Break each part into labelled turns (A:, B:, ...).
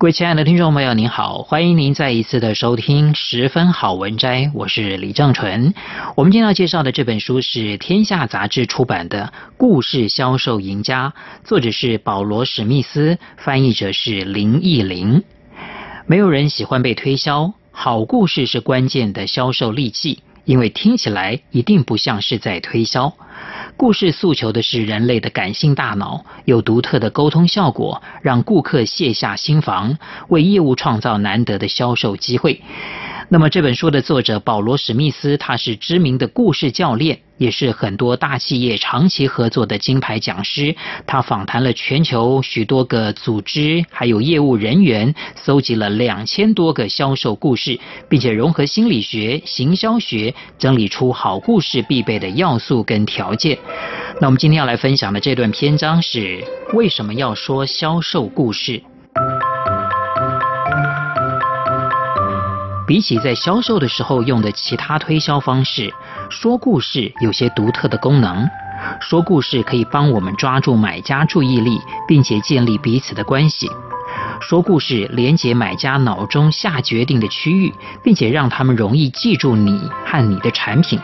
A: 各位親愛的聽眾朋友，您好，歡迎您再一次的收聽十分好文摘，我是李正純。我們今天要介紹的這本書是天下雜誌出版的《故事銷售贏家》，作者是保羅·史密斯，翻譯者是林奕伶。沒有人喜歡被推銷，好故事是關鍵的銷售利器。因為聽起來一定不像是在推銷，故事訴求的是人類的感性大腦，有獨特的溝通效果，讓顧客卸下心防，為業務創造難得的銷售機會。那麼這本書的作者保羅史密斯，他是知名的故事教練。也是很多大企業長期合作的金牌講師，他訪談了全球許多個組織，還有業務人員，蒐集了兩千多個銷售故事，並且融合心理學、行銷學，整理出好故事必備的要素跟條件。那我們今天要來分享的這段篇章是：為什麼要說銷售故事？比起在銷售的時候用的其他推銷方式，說故事有些獨特的功能。說故事可以幫我們抓住買家注意力，並且建立彼此的關係。說故事連接買家腦中下決定的區域，並且讓他們容易記住你和你的產品。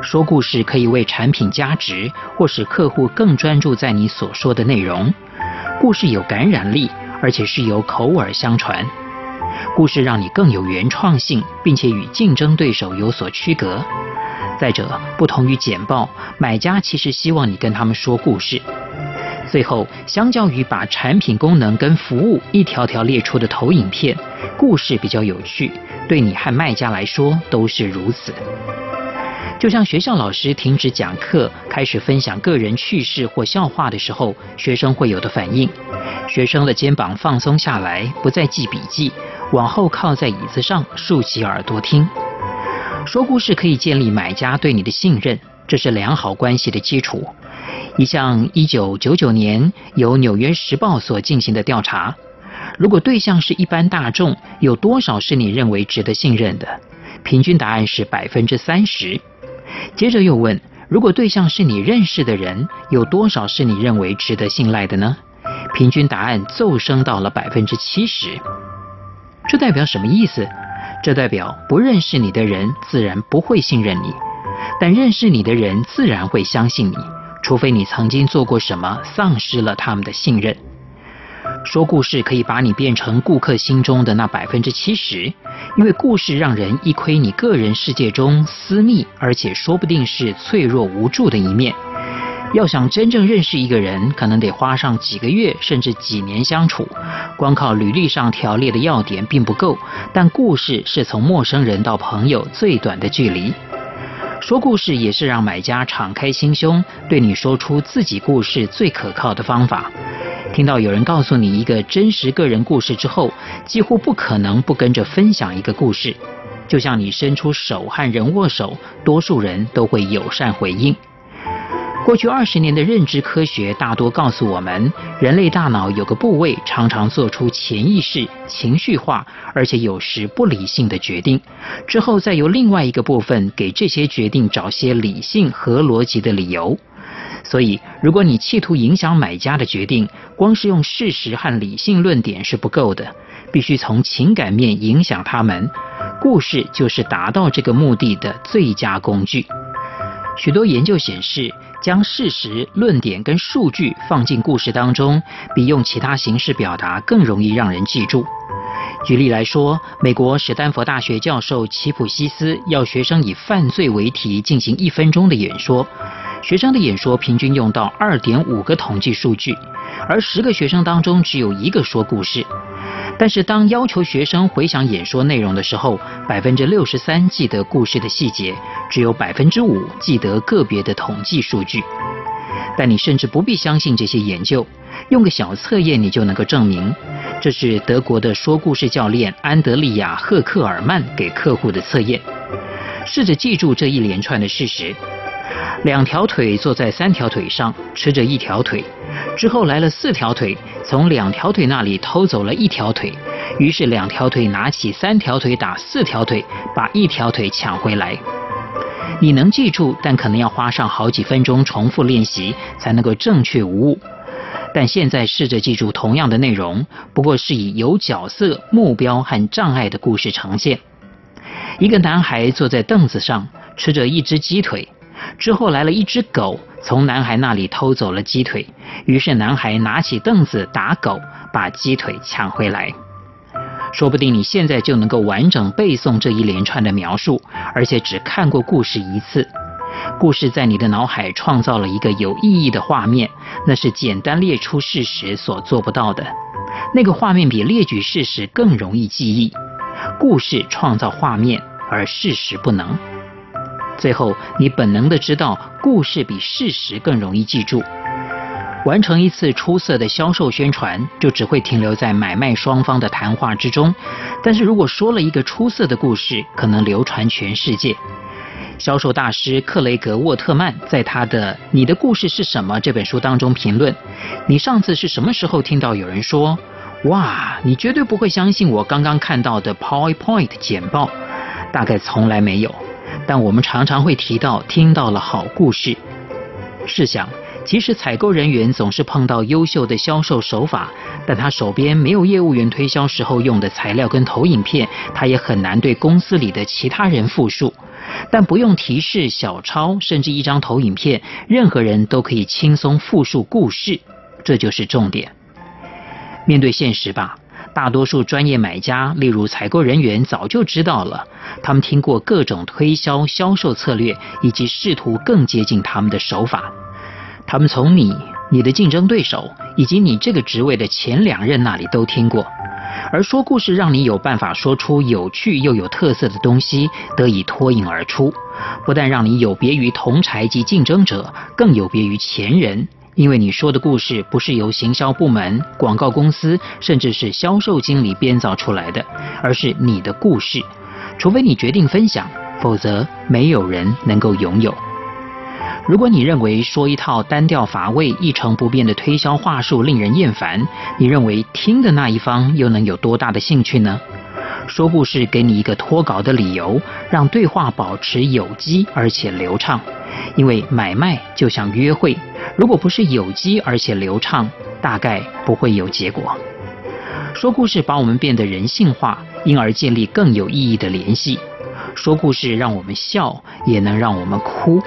A: 說故事可以為產品加值，或使客戶更專注在你所說的內容。故事有感染力，而且是由口耳相傳。故事讓你更有原創性，並且與競爭對手有所區隔。再者，不同於簡報，買家其實希望你跟他們說故事。最後，相較於把產品功能跟服務一條條列出的投影片，故事比較有趣，對你和賣家來說都是如此。就像學校老師停止講課，開始分享個人趣事或笑話的時候，學生會有的反應：學生的肩膀放鬆下來，不再記筆記。往後靠在椅子上，豎起耳朵聽。說故事可以建立買家對你的信任，這是良好關係的基礎。一項一九九九年由《紐約時報》所進行的調查：如果對象是一般大眾，有多少是你認為值得信任的？平均答案是百分之三十。接着又問：如果對象是你認識的人，有多少是你認為值得信賴的呢？平均答案驟升到了百分之七十。這代表什麼意思？這代表不認識你的人自然不會信任你，但認識你的人自然會相信你，除非你曾經做過什麼，喪失了他們的信任。說故事可以把你變成顧客心中的那百分之七十，因為故事讓人一窺你個人世界中私密，而且說不定是脆弱無助的一面。要想真正認識一個人，可能得花上幾個月甚至幾年相處。光靠履歷上條列的要點並不夠，但故事是從陌生人到朋友最短的距離。說故事也是讓買家敞開心胸，對你說出自己故事最可靠的方法。聽到有人告訴你一個真實個人故事之後，幾乎不可能不跟着分享一個故事。就像你伸出手和人握手，多數人都會友善回應。過去二十年的認知科學大多告訴我們，人類大腦有個部位常常做出潛意識、情緒化，而且有時不理性的決定。之後再由另外一個部分給這些決定找些理性和邏輯的理由。所以，如果你企圖影響買家的決定，光是用事實和理性論點是不夠的，必須從情感面影響他們。故事就是達到這個目的的最佳工具。許多研究顯示，將事實、論點跟數據放進故事當中，比用其他形式表達更容易讓人記住。舉例來說，美國史丹佛大學教授奇普西斯要學生以犯罪為題進行一分鐘的演說，學生的演說平均用到二點五個統計數據，而十個學生當中只有一個說故事。但是，當要求學生回想演說內容的時候，百分之六十三記得故事的細節，只有百分之五記得個別的統計數據。但你甚至不必相信這些研究，用個小測驗你就能夠證明。這是德國的說故事教練安德利亞·赫克爾曼給客戶的測驗。試着記住這一連串的事實：兩條腿坐在三條腿上，吃着一條腿。之後來了四條腿，從兩條腿那裡偷走了一條腿，於是兩條腿拿起三條腿打四條腿，把一條腿搶回來。你能記住，但可能要花上好幾分鐘重複練習才能夠正確無誤。但現在試着記住同樣的內容，不過是以有角色、目標和障礙的故事呈現。一個男孩坐在凳子上吃着一隻雞腿，之後來了一隻狗。從男孩那裡偷走了雞腿，於是男孩拿起凳子打狗，把雞腿搶回來。說不定你現在就能夠完整背誦這一連串的描述，而且只看過故事一次。故事在你的腦海創造了一個有意義的畫面，那是簡單列出事實所做不到的。那個畫面比列舉事實更容易記憶。故事創造畫面，而事實不能。最後，你本能的知道，故事比事實更容易記住。完成一次出色的銷售宣傳，就只會停留在買賣雙方的談話之中。但是如果說了一個出色的故事，可能流傳全世界。銷售大師克雷格沃特曼在他的《你的故事是什麼》這本書當中評論：“你上次是什麼時候聽到有人說，哇，你絕對不會相信我剛剛看到的 PowerPoint 簡報？大概從來沒有。”但我們常常會提到，聽到了好故事。試想，即使採購人員總是碰到優秀的銷售手法，但他手邊沒有業務員推銷時候用的材料跟投影片，他也很難對公司裡的其他人複述。但不用提示小抄，甚至一張投影片，任何人都可以輕鬆複述故事。這就是重點。面對現實吧。大多數專業買家，例如採購人員，早就知道了。他們聽過各種推銷、銷售策略，以及試圖更接近他們的手法。他們從你、你的競爭對手以及你這個職位的前兩任那裡都聽過。而說故事讓你有辦法說出有趣又有特色的東西，得以脫穎而出，不但讓你有別於同儕及競爭者，更有別於前人。因為你說的故事不是由行銷部門、廣告公司，甚至是銷售經理編造出來的，而是你的故事。除非你決定分享，否則沒有人能夠擁有。如果你認為說一套單調乏味、一成不變的推銷話術令人厭煩，你認為聽的那一方又能有多大的興趣呢？說故事給你一個脫稿的理由，讓對話保持有機而且流暢。因為買賣就像約會，如果不是有機而且流暢，大概不會有結果。說故事把我們變得人性化，因而建立更有意義的聯繫。說故事讓我們笑，也能讓我們哭。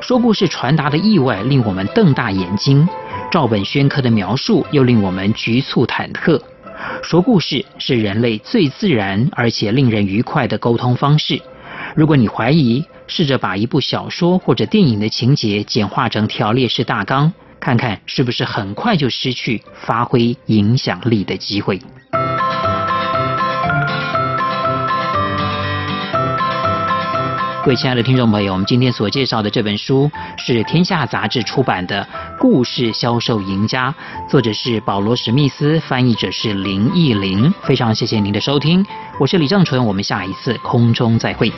A: 說故事傳達的意外令我們瞪大眼睛，照本宣科的描述又令我們局促忐忑。說故事是人類最自然而且令人愉快的溝通方式。如果你懷疑，試着把一部小說或者電影的情節簡化成條列式大綱，看看是不是很快就失去發揮影響力的機會。各位親愛的聽眾朋友，我們今天所介紹的這本書是《天下》雜誌出版的《故事銷售贏家》，作者是保羅·史密斯，翻譯者是林奕伶。非常謝謝您的收聽，我是李正淳，我們下一次空中再會。